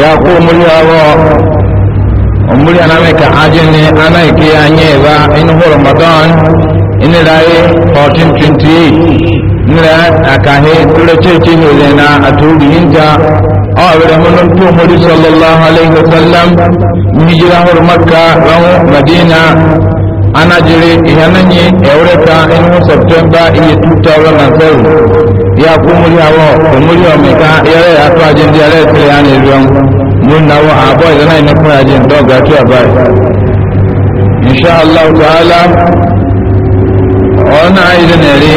ya ko muri abo muri aname ka ajene anai ke anye ba in ho ramadan in raye 1428 nira akahe tule cheche hulena atudi hinja awere munun tu muri sallallahu alaihi wasallam hijra hur makkah wa madina anajiri ihananyi eureka inu september iye 2007 ya kumuli hawo kumuli omeka yare atu ajindi yare tiri ani rion muna wa abo idana ina kwa ajindi doga tu abai insha Allah taala ona idin eri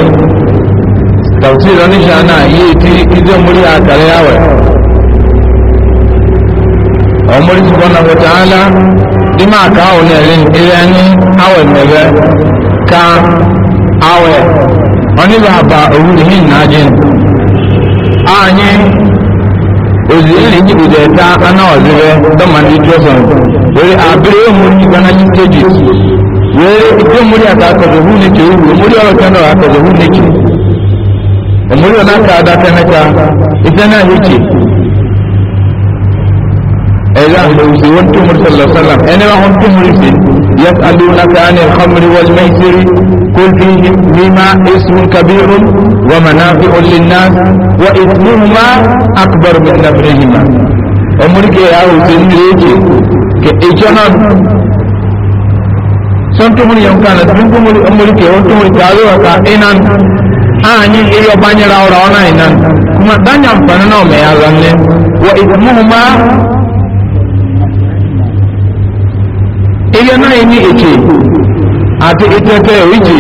tafsir onisha na iye ti izo muri akare yawe omuri subhanahu wa ta'ala dima ka awo nɛrin irani anyị mɛbɛ ka awɛ ɔni b'a ba owurri hin ozi anyi ozeli ni udeta ana ɔzibɛ dɔma ni tɔsɔn wele abiri omuri gana ni teji wele ite omuri ya akɔzɔ akọzọ ne ke owu omuri ọrụ tɛnɛ ɔ akọzọ hu ne adaka ite na ẹ̀rá òsì wọn tó mú sọ̀lọ̀ sọ̀lọ̀ ẹni wọn hàn tó mú sí yẹ́sàlú náà ká ní ọmọdé wọn mẹ́sìrì kó fi mímá èsù kabiru wọn mọ̀nà fi olùnà wọ ìfúnmá akbar mi nàbẹ̀rẹ̀ yìí ma ọmọdé kẹ́ ẹ̀ àwòsí ní ẹ̀jẹ̀ kẹ́ ẹ̀jọ́ náà sọ́ntúmùrì yẹn kan lẹ́tún kúmùrì ọmọdé kẹ́ wọ́n túmùrì kàwé wọn ká ẹ̀ náà ààyè ẹ̀yọ́ bá nyẹ́ra ọ̀rọ̀ ọ̀nà ìnáà kuma dáná àǹfààní náà mẹ́yà lọ́nà wọ ìfúnmá ẹyẹ náà ní èkè àti ìtẹ́tẹ́ ìjì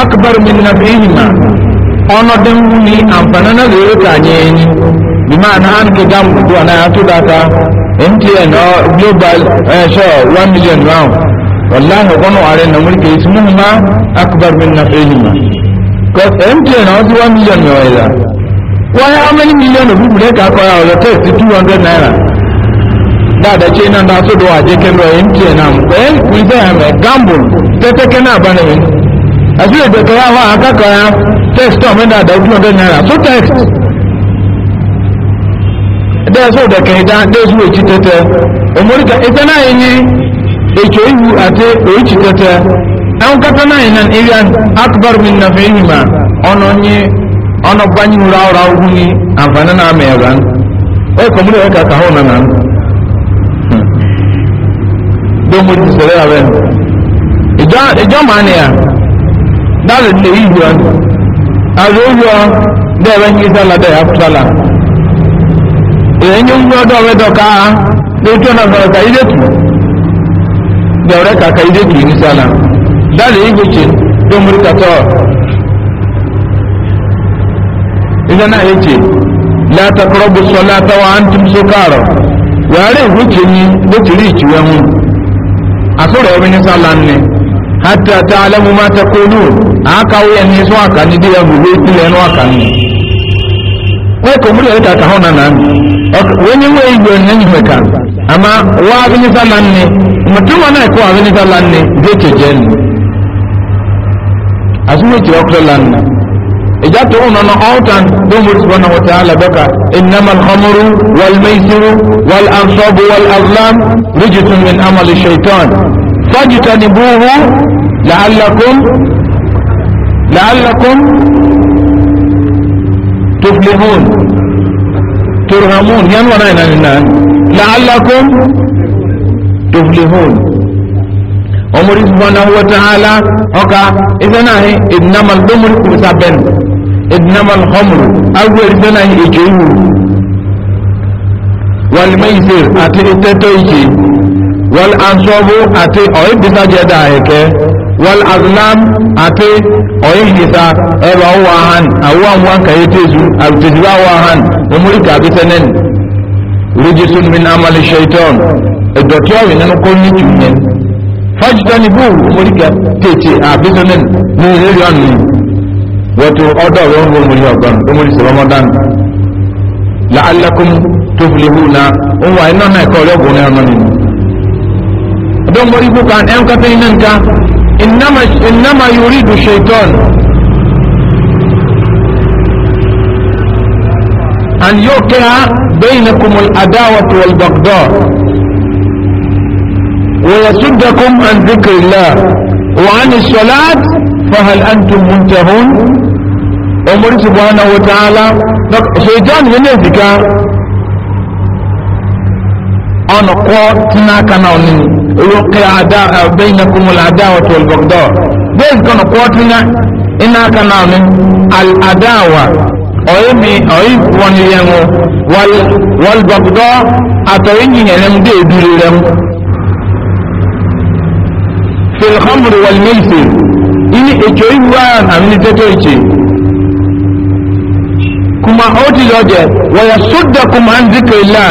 akbar min nabihima ọ̀nà dẹ́mú ní àǹfààní náà lè rúkà yẹn bí máa náà ń kíkà mùtò àná àtúndàta mtn global ẹ̀ṣọ́ one million round wàláhì ọ̀gbọ́nà ààrẹ nà múlùkì ìsúnmùmá akbar min nabihima because mtn ọ̀sí one million yọ̀ ẹ̀dá wọ́n yá how many million of people dey kakọ́ ọ̀rọ̀ test two hundred naira da da ce nan da su do a jikin royin ce nan bayan eh, kun sai a mai gambul ta ta kana bane ne a su da ka yawa a ka kaya text to min da da kuma da naira su text da so da kai da da su ci ta ta umur ka ita na yin ni e ke yi a te o ci ta ta an ka ta na yin nan iyan akbar min nafihima ono ni ono banyu rawo rawo ni amfana na mai ban e ko mu da ka ka honan nan tó mo ti sẹ̀rẹ̀ rẹ̀ nù ìjọ màá ni à dáàlì lè yí yọ àrò yọ dẹ́ẹ̀rẹ́ ní sálà dẹ́ẹ̀ àfúsálà èyí ń yọ ọdọ rẹ dọ̀ka lójú ọ̀nà fọ̀rọ̀ kà ilé tù dẹ̀rẹ́ kàkà ilé tù ní sálà dáàlì yí gbèsè tó mo ti kàtọ́ idan na yace la taqrabu salata wa antum sukara ware huce ni da tiri ciwe mun asoro obi ni sallan ne hatta ta alamu ma ta kulu a aka wuya ne so aka ni diya buwe ile no aka ni wai ko muri ta ta hona nan wani wai go ne ni meka amma wa bi ni sallan ne mutum ana ko abi ni sallan ne je to jen asu ji okran na ija to ono no autan do muri subhanahu wa ta'ala baka innamal khamru wal maisiru wal ansabu wal فاجتنبوه لعلكم لعلكم تفلحون ترهمون ينور أين لعلكم تفلحون omori subhanahu wa ta'ala oka idana he idnama al-dumr kusaben idnama al-khamr awu idana he ijeyu wal maisir ati iteto ijeyu wal ansobu àti ọ̀yẹ́ bísá jẹ́ dà ẹ̀kẹ́ wal azlam àti ọ̀yẹ́ hìsá ẹ̀rọ wà hàn àwọn àwọn kàyé tẹ̀sù àbùtẹ̀síwá wà hàn omúrí kàbí sẹ́nẹ́n ríjísùn mi náà mali shaitan ìdọ̀tí ọ̀rẹ́ nínú kó ní jù yẹn fájítọ́ni bú omúrí kà tètè àbí sẹ́nẹ́n ní ìrírí ọ̀nà wọ́tò ọ̀dọ̀ ọ̀rọ̀ ń gbọ́n omúrí ọ̀gbọ́n omúrí sọ̀rọ̀mọ́dán la'allakum tuflihuna òun wà iná don mori buka an yan kafin nan ka innama yuridu shaitan an yuqi'a bainakum al-adawatu wal-baghdha wa yasuddakum an dhikrillah wa an as-salat fa hal antum muntahun umar subhanahu wa ta'ala shaitan yana zika ono ko tina kana oni yuqi ada bainakum al adawatu wal baghdha bes kono ko tina ina kana oni al adawa oyemi oyi woni yango wal wal baghdha atoyinyi henem de durirem fil khamr wal maisir ini ejoyi wa amini teto kuma oti loje wa yasuddakum an dhikrillah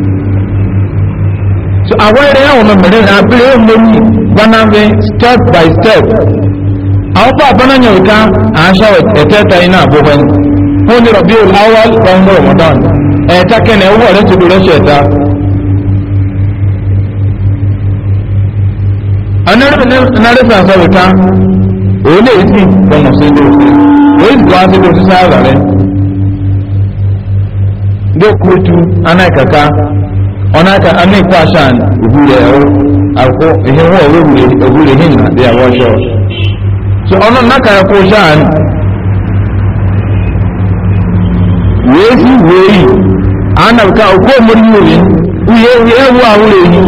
so àwọn eré àwọn ọmọ mẹrin náà abúlé lórí gbanáwé step by step àwọn bá abọ́nà yẹn ká àṣà ẹ̀tẹ́ta iná àbúgbẹ́ wọn ni rọ̀bí olawal ọmọ ramadan ẹ̀ẹ́ta kẹ́nẹ̀ owó ọ̀rẹ́ tó dúró ṣẹ̀ta anárẹ́fẹ́ àṣàwẹ̀ ká òun lè sí ọmọ sí ilé òfin òun sì wá sí ilé òfin sáà rẹ̀ lókùtù anáìkàká ọ̀nàkà àmì ìkọ́ àṣàn ìbúrẹ̀ ẹ̀rọ àkó ìhìnwó ìbúrẹ̀ hìn náà dé àwọn ọ̀ṣọ́ so ọ̀nà nàkà ẹ̀kọ́ àṣàn wèé sí wèé yìí ànàkà òkú òmùrí yìí wíyé wíyé wú àwọn èyí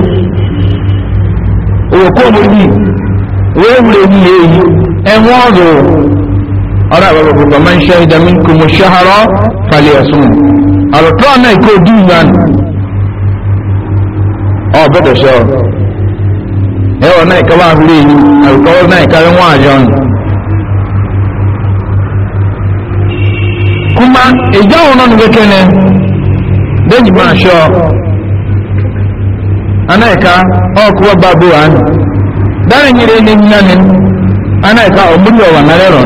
òkú òmùrí yìí wíyé wú èyí èyí ẹ̀wọ̀n ọ̀dọ̀ ọ̀rọ̀ àwọn ọ̀pọ̀pọ̀ máa ń ṣe ìdámínkù mọ̀ ṣáhárọ̀ falẹ̀ ẹ̀sùn ọ̀rọ̀ tó ọ̀nà ìkó dùn yàn ọ̀bọ̀dọ̀ sọ ẹwọ̀ náà ìkọwà àhúrí yìí àrùkọwọ́ náà ìkọwà wọn àjọ ni kuma ìjọ òun náà nìgbẹ́ kẹ́ni déjìbọn àṣọ anáìka ọkùnrin bá bó wàá nù Dara nyere ní nínú ni anáìka ọ̀gbọ́n yọ̀ narị nárẹ̀rọ̀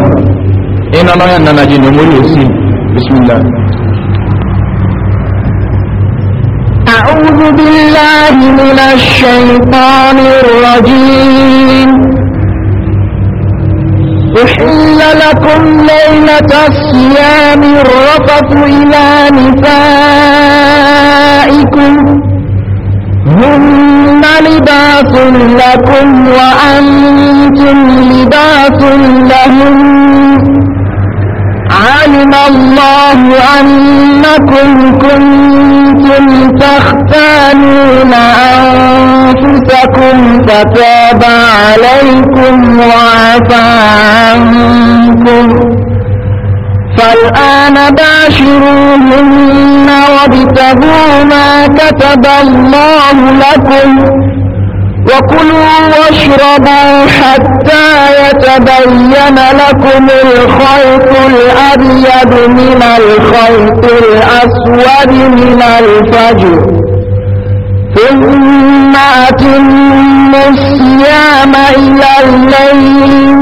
iná náà nna na jẹ́ na أعوذ بالله من الشيطان الرجيم أحل لكم ليلة الصيام الرفث إلى نسائكم هن لباس لكم وأنتم لباس لهم علم الله أنكم كنتم تختانون أنفسكم فتاب عليكم وعفى عنكم فالآن باشروهن وابتغوا ما كتب الله لكم وكلوا واشربوا حتى يتبين لكم الخيط الأبيض من الخيط الأسود من الفجر ثم أتم الصيام إلى الليل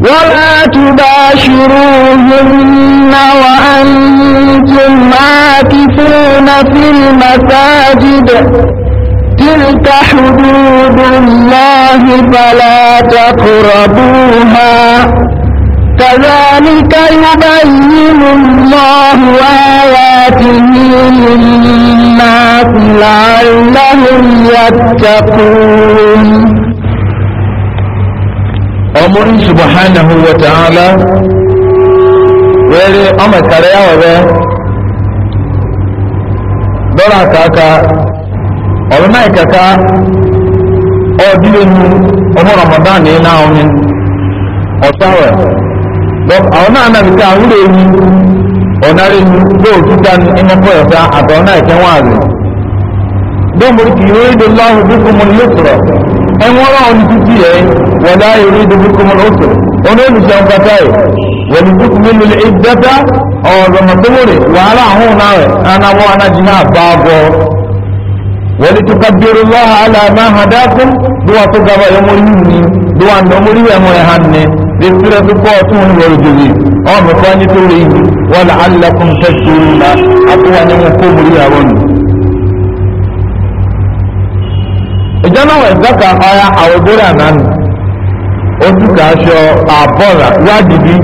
ولا تباشروهن وأنتم عاكفون في المساجد تلك حدود الله فلا تقربوها كذلك يبين الله آياته للناس لعلهم يتقون ọmọrin subhanahu wa ta'ala ya ọmọ ìkàrẹ́ ka aka àkàkà ọ̀rọ̀ náà ọ ọdún ẹnu ọmọ ramadan ní ahụ ọ̀nà awa. àwọn náà náà fi ká àwúrò ewu ọ̀nàrí ní lóòtú dání ẹnẹ́kọ́ ẹ̀fẹ́ àtọ̀ náà ẹ̀kẹ́ wọn àrùn dóòmù kì í rí lọ́hùn bí kòmù lóṣùrọ̀ ẹ̀wọ̀n ọ̀hún títí ẹ̀ wọ́n láyé rí bí kòmù lóṣùrọ̀ wọn ó lùsọ̀ ń pátá ẹ̀ wọ́n ní kókò mímu lè dẹ́tà wàhálà dìtúrẹ́ púpọ̀ tún ń lọ òjòyè ọmọ kan ní tó rí wọn là á lẹkùn tẹsí ńlá àkúwà ní wọn kó mú ìyàwó nù. ìjọba wọn ìdáka ọya àwògbóra nánu ojú kà aṣọ àbọ̀rà wádìí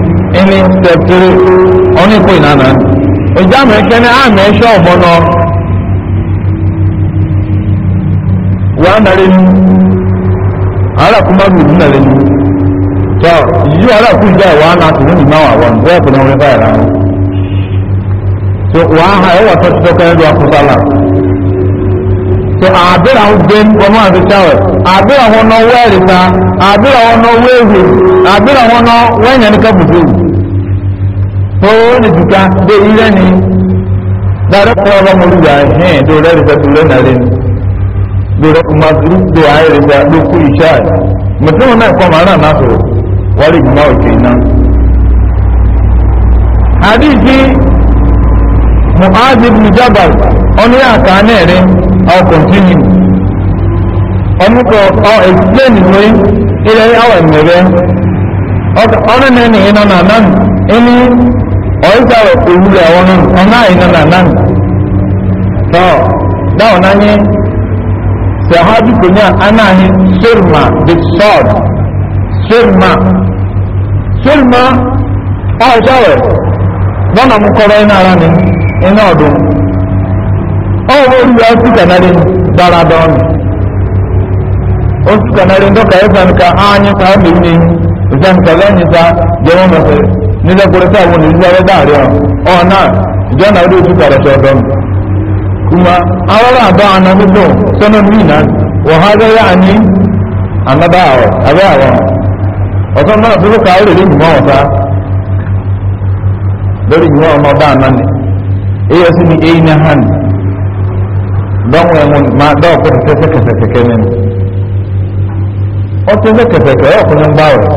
ẹni tẹ̀tẹ̀rẹ̀ ọ̀nìkó ìnana. ìjọba ìkẹ́ni àmì so ìyí jẹ́ wàá náà tìlú nínú àwọn àwọn ọ̀dọ́ ẹ̀kọ́ náà wọ́n bá ẹ̀rọ àwọn so wàá ha ẹ̀wọ̀ tó ti tọ́kẹ́ ẹ̀rọ àkúsálà so àbẹ̀rẹ̀ àwọn gbé ọmọ àti sáwẹ̀ àbẹ̀rẹ̀ àwọn náà wọ́ ẹ̀rìta àbẹ̀rẹ̀ àwọn náà wọ́ èwì àbẹ̀rẹ̀ àwọn náà wọ́ ẹ̀yàn ní kábùdù tó ní tuta dé ilé ni dáadọ́ kọ́ ọba mo lù yàrá hẹ́n dó rẹ́rìta tó lẹ́nà lẹ́nu dó rẹ́ kùmà buhari jùlọ òkè iná àdìsí mu'adib nijabal ọ̀nà àkà anẹ́rẹ́ ọ̀ kọ̀ntínú ọ̀nùkọ̀ ọ̀ explain ilẹ̀ awọ̀ ẹ̀mẹ̀rẹ́ ọ̀nà nẹ́ni iná nà nán ẹni ọ̀ísàwọ̀ òwúrẹ̀ ọ̀nà ọ̀nà iná nà nán tọ́ dáwọn náà yẹn kò ní fílmà ọ̀ṣọ́ rẹ̀ lọ́nà mú kọ́rọ́ iná ara ni iná ọ̀dún ọwọ́ olùwà sí kànáàrin dára dán ó sì kànáàrin dọ́kà ẹ̀fẹ̀nka áányí sáà mèyí ẹ̀fẹ̀nka lẹ́yìn sá jẹ́wọ́ mẹ́fẹ́ nílẹ̀ kúrẹ́ sáà wọn ìlú ọ̀rẹ́ dáàrí ọ̀ ọ̀nà ìjọ náà ó dé ojú kàrẹ́ sọ dán kuma awọ́rọ̀ àbá àná sọ́nà mí náà wọ̀hálẹ́ yá ní ànábà àwọ̀ àbẹ́ ọ̀sán náà tó ka ó lè ní ìgbìmọ̀ ọ̀sá lórí ọba àná ni èyí sí ni na ha hàn dánwò ẹ̀mú máa dá ọ̀pọ̀ tẹ́tẹ́ kẹfẹ̀kẹ́kẹ́ nínú ó tẹ́tẹ́ kẹfẹ̀kẹ́ ọ̀pọ̀ ní gbà rẹ̀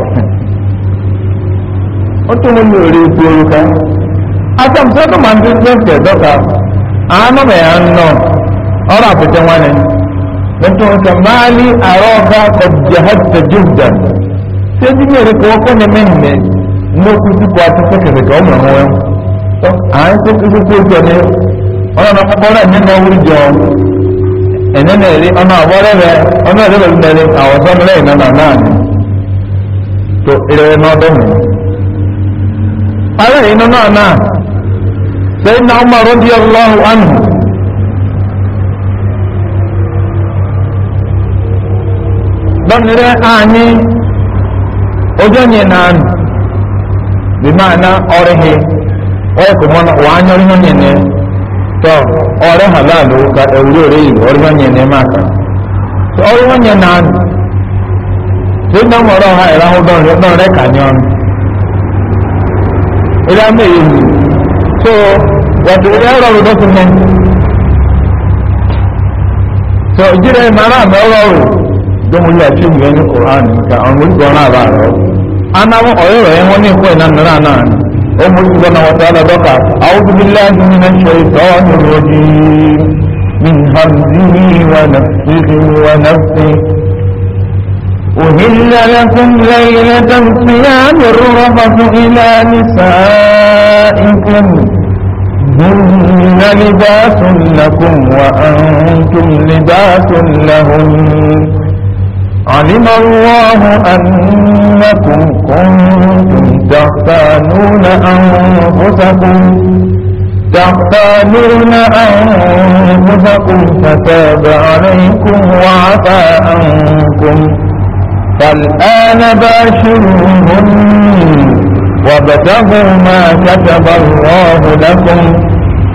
ó tún ló ní orí nọ ọ̀rọ̀ àpẹtẹ wọn ni nke nke máa sẹ́ni mẹ́rin kọ́ ọkọ́ na mẹ́rin mẹ́ mo tún ti kọ́ àti kẹ́kẹ̀rẹ̀ kọ́ ọmọ wọn tó à ń tó kúkú kó jọ ní ọlọ́nà kọ́kọ́rọ́ ẹ̀mí náà wúri jọ ẹ̀ní náà rí ọmọ àwọ̀rẹ́ rẹ ọmọ ẹ̀rẹ́ rẹ náà náà ni tó náà ojo nye nan bi mana ore he ore ko mona wa nyo no nye ne to ore halalu ka euro re ore nye ne ma ka to ore nye nan ti na mo ro ha era ho don re don re ka nyon ila me yi so wa do ya ro do ko ne so jire mara me ro dómúlí àti ìgbẹ́ ní quran nìkan àwọn olùkọ́ náà bá rọ anáwó ọ̀rẹ́ rẹ̀ wọn ní ìkọ́ iná nira náà ni ó mú ìgbọ́ náà wọ́n tẹ́lẹ̀ dọ́kà àwọn bíbélà ní ní ṣe ìtọ́wọ́nù lójì من همزه ونفسه ونفسه أهل لكم ليلة الصيام الرفث إلى نسائكم هن لباس لكم وأنتم لباس لهم علم الله أنكم كنتم تختانون أنفسكم تختانون أنفسكم فتاب عليكم وعفى عنكم فالآن باشروهم وابتغوا ما كتب الله لكم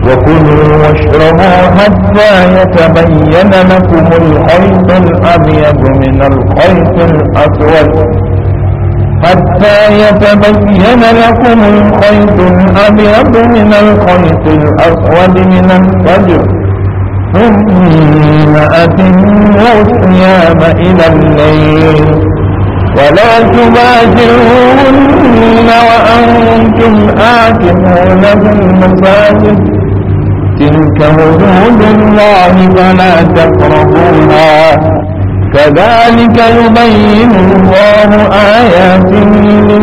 وكلوا واشربوا حتى يتبين لكم الخيط الأبيض من الخيط الأسود حتى يتبين لكم الخيط الأبيض من الخيط الأسود من الفجر ثم أتموا الصيام إلى الليل ولا تباشرون وأنتم آتمون في المساجد تلك حدود الله فلا تقربوها كذلك يبين الله آياته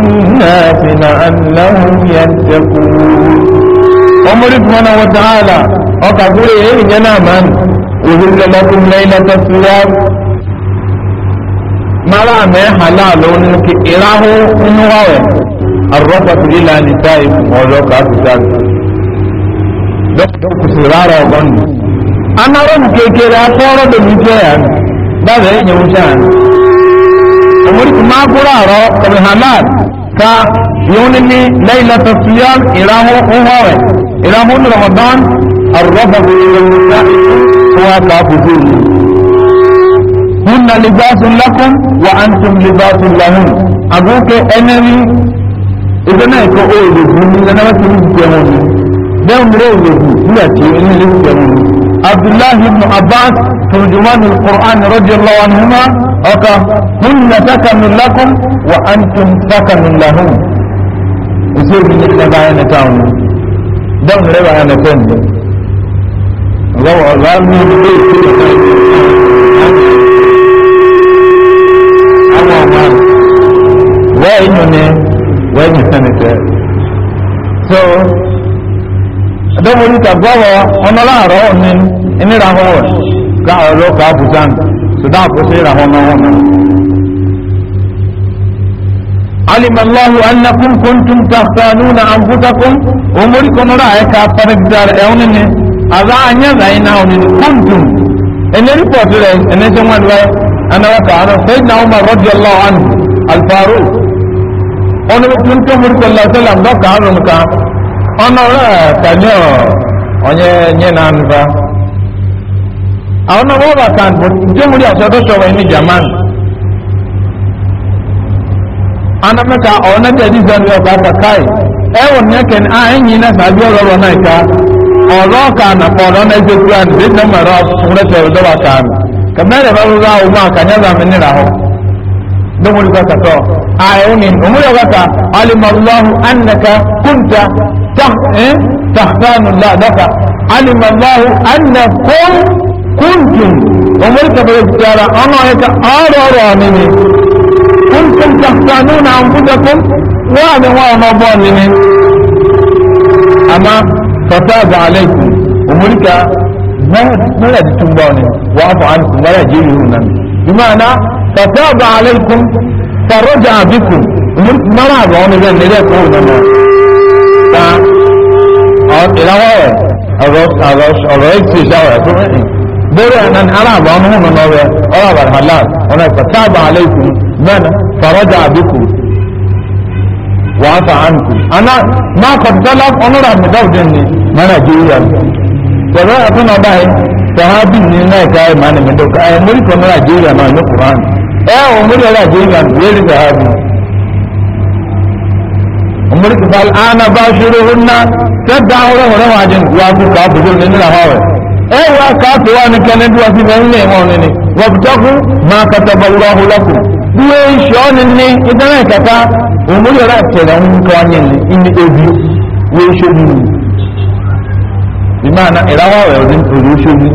للناس لعلهم يتقون عمر سبحانه وتعالى وقبول إيه جناما أهل لكم ليلة الصيام mara لا halalo ne ke iraho inuwa arrafa ila nisa'in wazo don ku saurara wa gwanu an haron keke da tsoro da mijiya ba da yanyan wuta amurki ma kuraro kamar halal ka yunini lailata siyar irahun unhawe irahun ramadan arrafa zuwa wuta kuwa ta fi zuwa hunna libasun lakum wa antum libasun dan rewe ya ce in rinke mu abdullahi ibn abbas turjuman alquran radiyallahu anhuma aka kunna sakanun lakum wa antum sakanun lahum usul bin da bayan ta mu dan rewe ya na kan mu Allah Allah mu ne Allah Allah wa inna ne wa inna sanata so dɔbɔli ta gbɔbɔ ɔnɔla arɔ ɔni ɛni ra hɔ ka ɔlɔ ka busan suda kusi ra hɔ nɔwɔ nɔ. علم الله أنكم كنتم تختانون أنفسكم ومركم رأيك أفرق دار أونني أذا أن يزعين أونني كنتم إن ريبوت لين إن سمعت لين أنا وكا أنا سيدنا عمر رضي الله عنه الفاروق أنا كنتم مركم الله سلام دوك أنا ọnọrọ kanyo onye nye e na nva àwọn ọmọ ọba kan jẹmúlẹ ọsọdọ sọrọ ẹni german anamẹka ọ̀nà tẹ̀lé ìsọ̀rọ̀ ọba kakai ẹwọn nẹkẹn a ẹyin náà sáájú ọ̀rọ̀ ọ̀rọ̀ náà ká ọ̀rọ̀ kan na ọ̀rọ̀ náà ẹgbẹ́ kúrò ní ẹgbẹ́ mẹ́rọ ọ̀sùnrẹ́ sọ̀rọ̀ dọ́wà kan kẹmẹ́rẹ̀ bá rúra ọmọ àkànyẹ́ bàmí nira hàn dọ́mọlùkọ́ kàtọ́ ààrẹ òní òmùlẹ̀ ọba ká alimọ̀lọ́hùn annaka kúnta تختان الله لك علم الله أنكم كنتم وملك بالإجتارة أنا يك أرى كنتم تختانون أنفسكم وأنا وأنا ظالمين أما فتاب عليكم وملك ما لا تتنبوني وعفو عنكم ولا جيلونا بمعنى فتاب عليكم فرجع بكم وملك مرعب وانا ذا نلاك هنا ka ìlàwọ̀ ọ̀rọ̀ ọ̀rọ̀ ètò ìṣàwọ̀ ẹ̀kọ́ mẹ́rin bẹ́rẹ̀ ẹ̀nàn aláàbọ̀ ọmọ ọmọ ọmọ rẹ̀ ọ̀rọ̀ àbàrà halal ọ̀nà ìfàtàbà aláìkùn mẹ́rin fàrọ́jà àbíkù wàá fà ánkù aná máa kọ̀ dọ́lá ọ̀nàrà àmìdáwùdẹ́ ni mẹ́rin àjẹyà pẹ̀lú ẹ̀kún ọba yìí sahabi ni náà ẹ̀ka ẹ̀ máa nìmẹ́dọ́kọ̀ ẹ̀ mórí kọ̀ mẹ́rin àjẹyà náà umurku bal ana bashiruhunna sadda hore hore wajin wa ku ka bujur ne na hawe eh wa ka to wa ne kan duwa fi ban ne mo ne wabtahu ma kataba Allah lakum duwe shon ne idan ka ka umuri ra tsere un to anye ne inni ebi we shobi imana irawa wa odin to shobi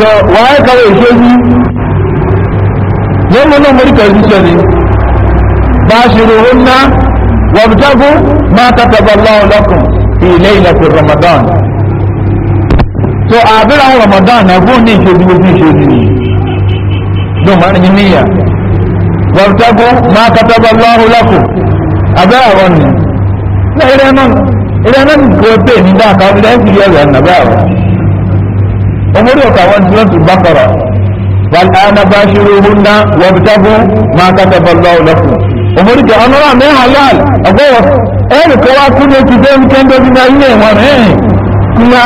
to wa ka we shobi ne mo no muri ka shobi وباشروهن وابتغوا ما كتب الله لكم في ليلة رمضان so àbẹ̀rẹ̀ àwọn ramadan ẹ̀fọ́ ní ìṣòdì ojú ìṣòdì ló máa ń níyà wàlùtẹ́gùn máa kàtàbà lọ́rùn lọ́kùn àbẹ̀rẹ̀ àwọn ni ilẹ̀ náà kò pè ní dáàkà ilẹ̀ ń fi yẹ rẹ̀ nàbẹ̀ àwọn ọmọdé ọ̀kà wọn ti lọ́tù bákọ̀rọ̀ wàlùtẹ́gùn máa kàtàbà lọ́rùn lọ́kùn omorike ọnọrọ àmì halal ọgbọwọ ẹni tó wá kú ní oṣù tó ń kẹ́ńdọ́ bí náà ilé ìwọ̀n rẹ̀ ńlá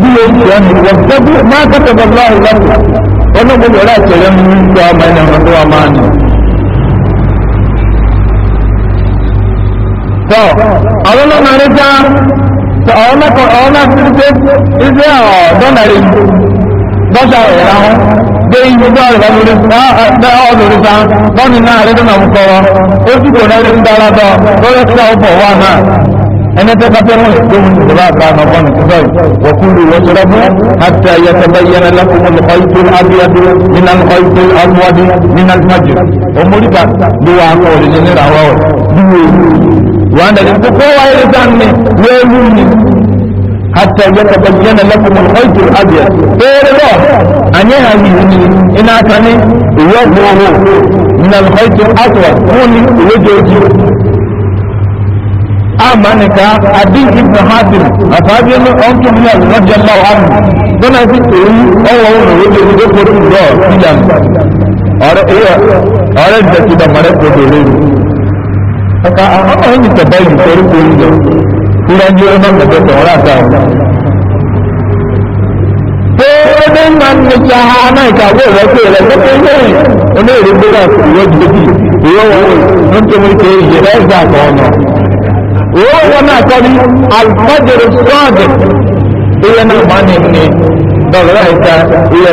bí o ti ẹni wọ́n tẹ́bí máa tẹ́tẹ́ bọ́lá ìlọ́pù wọn náà gbọ́dọ̀ rẹ̀ tẹ̀lé mú ní ìgbà ọmọ ẹni ọmọ tó wà ọ̀dọ́nà rẹ̀ dọ́ṣà pé ìgbẹ́jọ́ rẹ̀ lọ́dún sáà lọ́nà náà rẹ̀ dùn àwọn kọ́rọ̀ ó sì kò náà ń dára dọ́ lórí sí ọ̀pọ̀ wà náà ẹni tẹ́ kápẹ́ wọn tó mú ìjọba àgbà àmọ́ ní sísọ yìí wọ́kúlù wọ́sọ̀rọ̀bù àti ayẹtẹ̀bẹ̀ yẹn lẹ́kùnmọ́ lọ́kọ́ ìtò abiyadu nínú lọ́kọ́ ìtò amuwadu nínú alimajù omorika ló wà á kọ́ òrìlẹ̀ nínú àwọn ọ̀rọ̀ dúró wọn حتى يتبين لكم الخيط الابيض غير الله ان يهديني ان اتاني وجهه من الخيط الاسود كوني وجهي اما نكا ادين ابن حاتم اتابعين انتم من رضي الله عنه كنا في تقول او هو وجهه دكتور الله سيدان اور ايه اور انت كده مرض وجهه فكا اهم تبين طريق وجهه ilẹ̀ ń yóò mọ̀ pẹ̀lú ọ̀rọ̀ àtàwọn. Ṣé ó dé ń máa ń ní ṣe aha náà ìkàwé rẹ̀ pé rẹ̀ tó pé lẹ́yìn onéèrè gbéra ìwé gbèbí ìwé wọn ló ń tẹ́wọ́ ìké ìyẹ̀rẹ́ ìgbà àtọ̀ọ̀nà. Ìwé wọn náà kọ́ ní alifájẹrẹ sọ́ọ̀dẹ̀ ìyẹ náà máa ní ní dọ̀lọ́rà ìta ìyẹ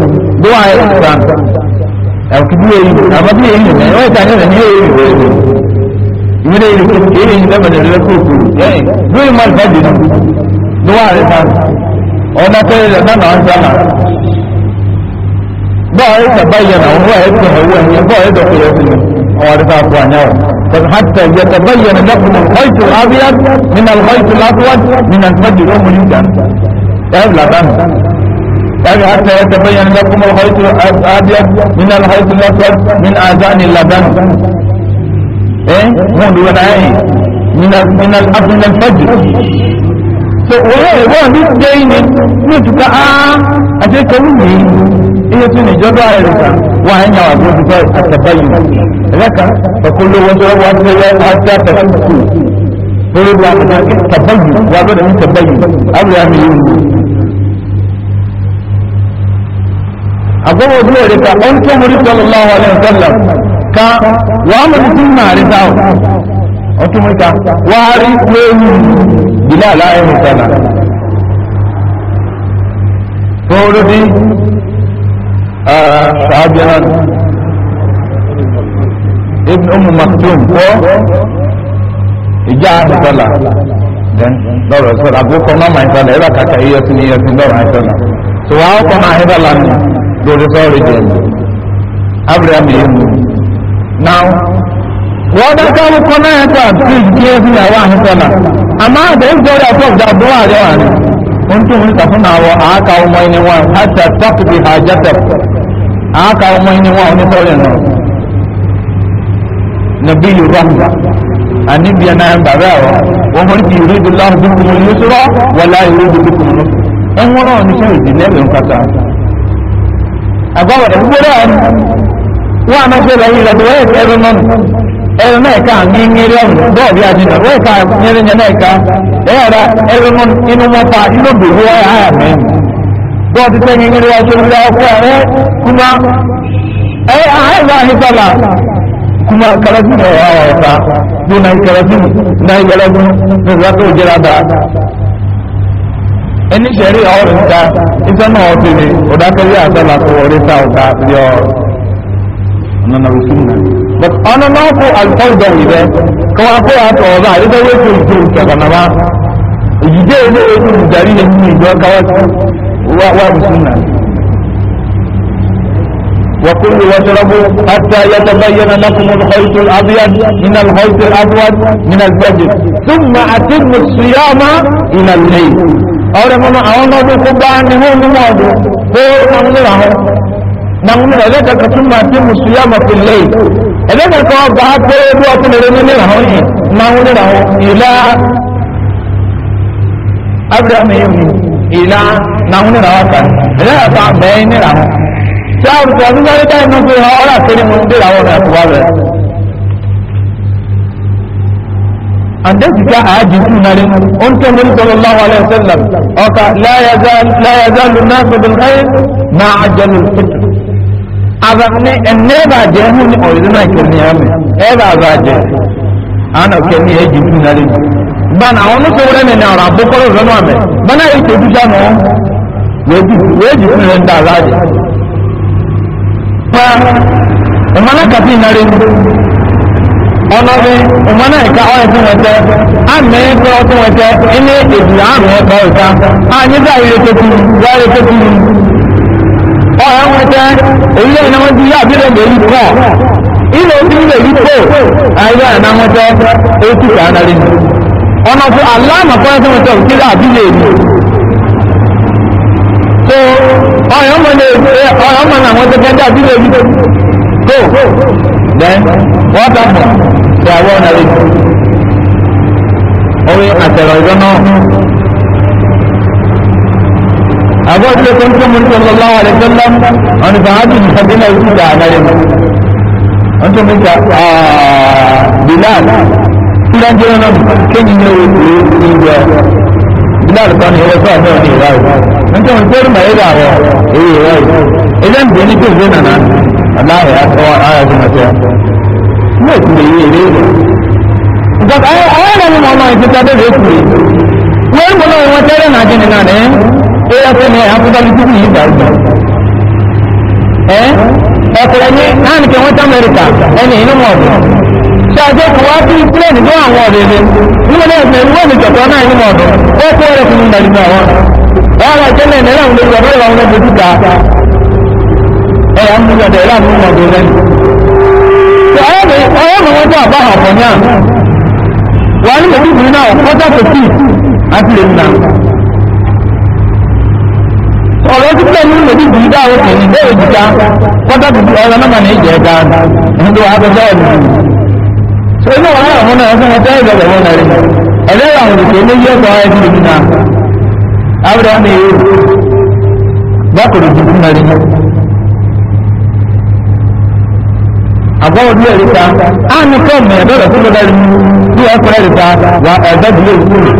bó wà ẹ̀ ọ̀sán ẹ̀kú bí èyí àmọ́ bí èyí nìyẹn wọ́n ìtàn yẹn ní èyí ìwé ìwé ìwé èyí èyí ní lẹ́mọ̀ lẹ́rẹ́ kóòkó lẹ́yìn lórí mọ́ ìfẹ́ dìnnà ló wà ẹ̀ sàn ọ̀nà tẹ́lẹ̀ rẹ̀ náà ń sàn bọ́ọ̀ ẹ̀ sàbá yẹn àwọn ọ̀rọ̀ ẹ̀ tẹ̀ ẹ̀wọ̀ ẹ̀yẹ bọ́ọ̀ ẹ̀ dọ̀kọ̀ yẹn sí ọ̀rẹ́ sàn fún àyẹ̀wò حتى يتبين لكم الخيط الابيض من الخيط الاسود من الفجر ام الانسان. لا يعني حتى يتبين لكم الخيط الابيض من الخيط الاسود من اذان اللبن ايه هون دول ايه من ال من الاب من الفجر وهي وهي جايين نتوكا اجي كوني هي تني جدا ايركا وهي وجود التبين لك فكل وجه وجه حتى تفكوا فلو بقى تبين وابدا من تبين ابو يعمل agogo dole da ka on to muri sallallahu alaihi wasallam ka wa mun tin ma rita o to mun ka wa hari ne ni bilal ayi musala to rudi a sahabiyan ibn umm maktum ko ija musala dan lọ́rọ̀ sọ́la agogo kan náà máa ń sọ́la ẹ̀rọ kàkà iye sí ni iye sí lọ́rọ̀ àìsọ́la so wàá kọ́ máa ń sọ́la go to origin. Abraham is now. Wọ́dá káwọ́ kọ́nà ẹ̀ta tí kí é sí àwọn àhìsọ́nà. A máa bẹ̀ ń gbọ́dọ̀ àtọ́f dàbọ̀ àrẹ wà ní. Wọ́n tún ń tàfún àwọ̀ àáka ọmọ ẹni wọn àti àtọ́kù bí àjẹtẹ̀. Àáka ọmọ ẹni wọn onítọ́rẹ̀ náà. Nàbí Yorùbá àníbi ẹ̀nà ẹ̀ bàbá ẹ̀rọ. Wọ́n mọ̀ níbi ìrìndínláàbí kùmùlù yóò sọ́rọ̀ wọ́lá ìrìndínláàbí kùmùlù. Ẹ̀wọ̀n náà ní agbọ́wọ̀ ẹ̀gbogbo rẹ̀ wọ́n a máa ṣe lẹ́yìn rẹ̀ wọ́n ẹ̀ka ẹ̀rọ náà ẹ̀rọ náà ẹ̀ka ní nyere ọ̀hún bọ́ọ̀bì àdínà wọ́n ẹ̀ka nyere nyẹ náà ẹ̀ka ẹ̀yọ̀ra ẹ̀rọ náà inú wọn pa inú bèbú ẹ̀ ayà mẹ́ bọ́ọ̀dì tẹ́ nyere ọjọ́ ìlú ọkọ ẹ̀ kuma ẹ̀ ayà nípàlà kuma kalasin ẹni ṣẹ̀rí ọ̀rọ̀ ìta iṣẹ́ náà ọ̀tí ni ọ̀dákẹ́rí àtọ́là kò wọlé ta ọ̀tá àti ọ̀rọ̀ ọ̀nà náà wùsùn náà but ọ̀nà náà kó alifọ́ọ̀dọ̀ ìrẹ́ kọ́ wá kó àtọ̀ ọ̀bá àdídọ́ wéṣọ ìjọ ìjọ̀gbọ̀nàmá ìjìdé ilé ètò ìjàrí lè ní ìjọ káwá wùsùn náà وكل واشربوا حتى يتبين لكم الخيط الابيض من الخيط الاسود من الفجر ثم اتموا الصيام الى الليل ọ̀rẹ́ mọ́nà àwọn ọmọdún kó bá ní wọ́n ní wọ́n ọdún pé ó máa ń lera wọn máa ń lera ẹlẹ́kẹ̀kẹ́ tún máa dín mùsùlùmí àmọ̀fin lẹ́yìn ẹlẹ́kẹ̀kẹ́ ọba pé bí wọ́n tún lè ní lera wọn yìí máa wọn ìlà abrahamu ìlà máa wọn kan ẹlẹ́kẹ̀kẹ́ bẹ́ẹ̀ ní wọn. andesika aaji tunare on to mun sallallahu alaihi wasallam oka la yazal la yazal an-nas bil khair ma ajal al-fitr azamne enne ba je hun ni orizina kirni ame e ba ba je ana kenni e jitu nare bana onu ko wore ne na rabu ko ro no ame bana e te duja no weji weji ne nda laje pa e mana kapi nare ọlọ́bí ọmọdé ìka ọ̀rẹ́ tí wọ́n tẹ́ àmì ẹ̀kọ́ tí wọ́n tẹ́ ilé èdè àmì ẹ̀kọ́ ìka àmì ìdáyẹ̀rẹ́ tó kú ìdáyẹ̀rẹ́ tó kú ọ̀rẹ́ wọn tẹ́ èyí lẹ́yìn náà wọ́n ti yá àbílẹ̀ lèyí kọ́ ilé òbí lèyí kọ́ àìyá ẹ̀ náà wọ́n tẹ́ ètù kàánàrí ọ̀nà fún aláàmà kọ́ tí wọ́n tẹ́ òkèlè àbílẹ̀ èyí so ọ̀rẹ́ wọn náà wọ́n tẹ́ kẹ́ńdà àbílẹ̀ èyí kọ́ then what happened ya wọ́n na lè orí àtẹ̀rọ̀ ìdáná àbọ̀ tí ó kún tó mú sọ̀rọ̀ lọ́wọ́ àlẹ́sọ́lá ọ̀nà ìfàhájì ìfàdínà ìfúdà àlàyé wọ́n tó mú ta bilal ìdájọ́ náà kéyìn ní orí ìlú ìjọ bilal kan ní ẹwọ́ sọ́ọ̀ náà ní ìwà ìwà wọ́n tó mú tó rí màyẹ́dà àwọ̀ èyí ìwà ìwà ilé ń bẹ̀ẹ́ ní kéwòn náà aláhẹ̀ àtọwọ́ yóò sì lè yé eré rẹ̀. ìjọba ẹ ọ̀rẹ́ rẹ̀ ni mo máa ti tẹ́lẹ̀ rẹ̀ kù rẹ̀. wọ́n ń bọ́lọ́ wọn tẹ́lẹ̀ náà jẹ́ nínú rẹ̀ ó yẹ fún mi àfúdálí tó kù yìí dàrúdà. ẹ ọkùnrin ní láàrínkẹ wọn tẹ́ amẹ́ríkà ẹni inú mọ̀ ọ̀dọ̀. ṣáàjọ kò wá sí plẹ́ẹ̀nì tó àwọn ọ̀dọ̀ ilé nígbà náà ẹ̀sìn ìlú òmì jọ̀tọ̀ náà inú mọ̀ ọ̀dọ̀ ó kó rẹ̀ fún mi gbàdúgbà ọ̀rẹ́ mi wọ́n jẹ́ àbá àpọ̀ ní à wà ní òkúkú náà kọjá kò sí àti lè nà ọ̀rọ̀ tí pẹ̀lú ní òkúkú dá òkè ní bẹ́ẹ̀ òjìká kọjá kò sí ọ̀rọ̀ náà ní ìjẹ́ ẹ̀dá ẹ̀dọ́ àgbẹ̀jọ́ ẹ̀dọ́ so inú wọn náà wọn náà fún wọn tẹ́ ìjọba wọn náà rí ẹ̀rẹ́ àwọn òkè ní yẹ́ ọ̀tọ̀ ẹ̀ ní ìjìnà àwùrẹ́ wọn ni bákòrò jù àbọ̀ òbí ẹ̀rí ta á ní fọ́ọ̀mù ẹ̀dọ́ rẹ̀ fún lọ́dẹ̀ bí ẹ̀ fún ẹ̀rí ta wà ẹ̀dẹ́ ìdílé ìkúlù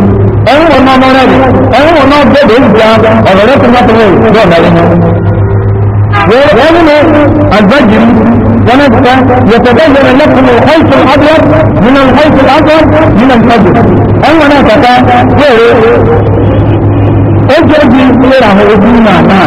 ẹ̀rùn wọn náà mọ́rẹ́ rẹ̀ ẹ̀rùn wọn náà bẹ̀rẹ̀ èyí ta ọ̀rọ̀ rẹ̀ fún mọ́tò rẹ̀ bọ́ọ̀ mẹ́rin wọ́n nínú àgbẹ̀jìm wọn ẹ̀ ta yẹtẹ̀dẹ́ yẹrẹ lẹ́kùn ní ọ̀hẹ́sùn ọ̀dọ́ nínú ọ̀hẹ́sùn ọ̀dọ́ nínú ìfọ̀jù ẹ̀rùn wọn náà kàkà wẹ̀rẹ̀ ó jẹ́ bí ìlera àwọn ojú náà náà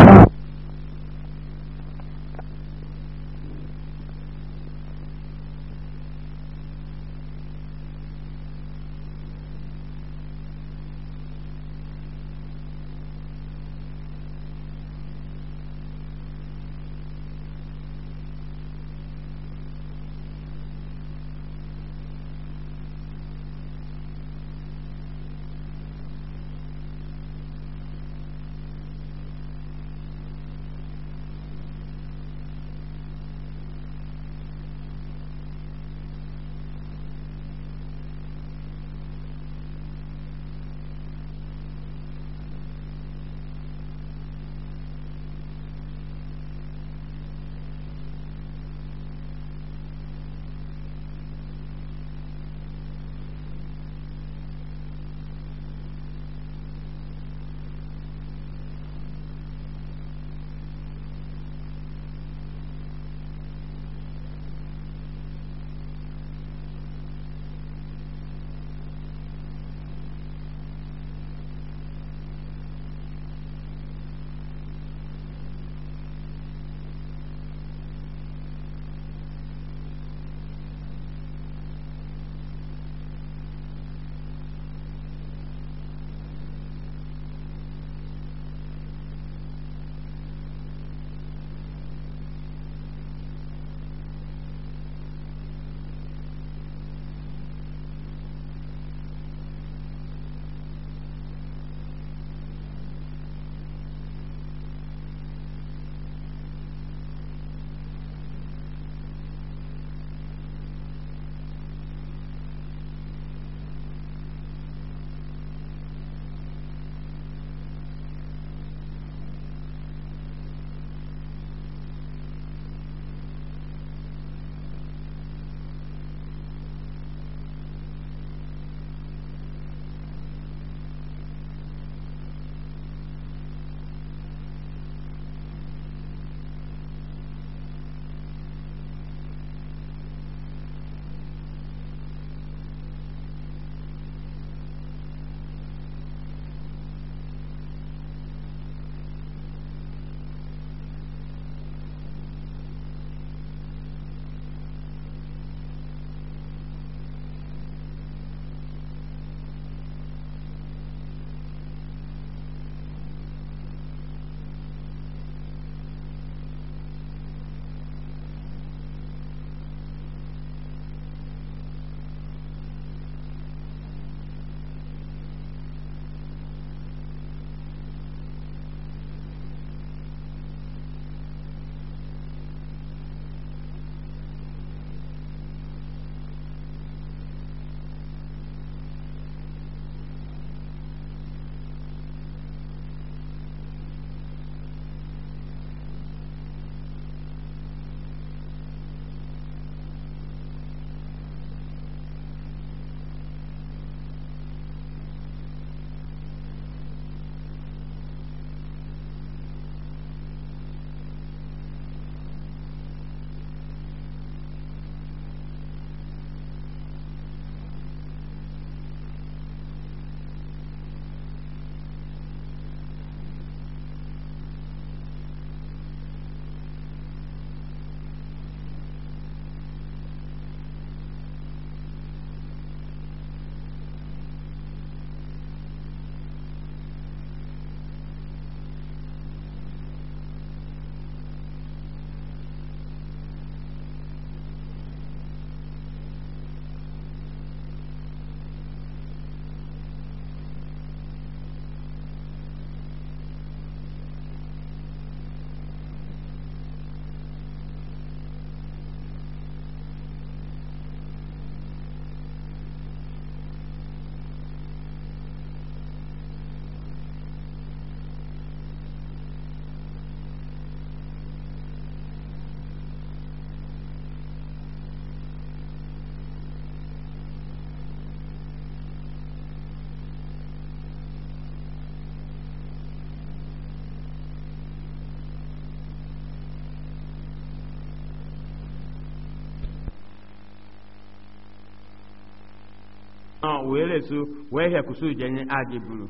wee lesu wee hekusu jenye aji buru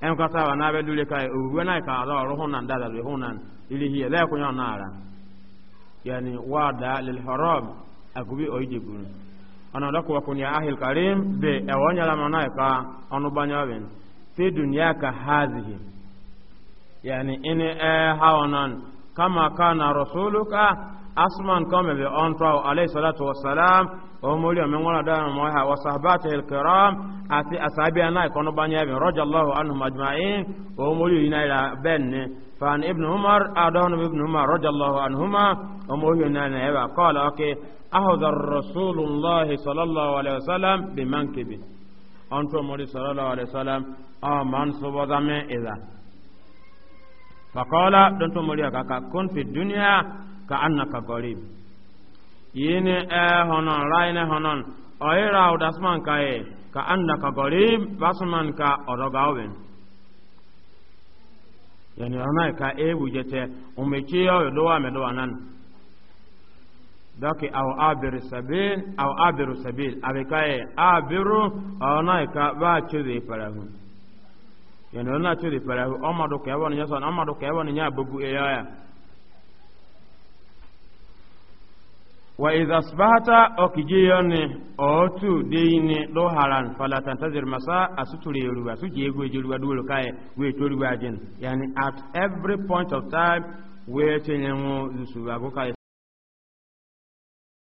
en ka sawa na be dule kai uwe na e ka ala ro honan dala le honan ili hiye la ko yon yani wada lil haram agubi oije buru ana da wa kun ahil karim be e la mana e ka onu banya ben fi dunya ka hazihi yani ine e hawanan kama kana rasuluka asman kome be on to alayhi salatu wassalam o mori o mengola da mo ha wa sahbati alkiram ati asabi ana kono banya be radiyallahu anhum ajma'in o mori ina ila ben fan ibn umar adon ibn umar radiyallahu anhuma o mori ina na eba qala okay ahadha rasulullah sallallahu alaihi wasallam bi mankibi on to mori sallallahu alaihi wasallam a man sobodame ila فقال دنتم مريا كاكا كن في الدنيا ka annaka gorib yene e honon raine honon oyira udasman kaye ka annaka gorib basman ka odogawin yani ana e ka e wujete umechi yo dowa me dowa nan daki aw abiru sabil aw abiru sabil abikaye abiru ona e ka ba chuzi parahu yani ona chuzi parahu amadu ka woni nyaso amadu ka woni nya bugu eya wa idha asbahata okijiyoni otu deini do haran fala tantazir masa asuturi yoruba su jego yoruba duwolo kaye we toruba jin yani at every point of time we tenyenwo zusu ago kaye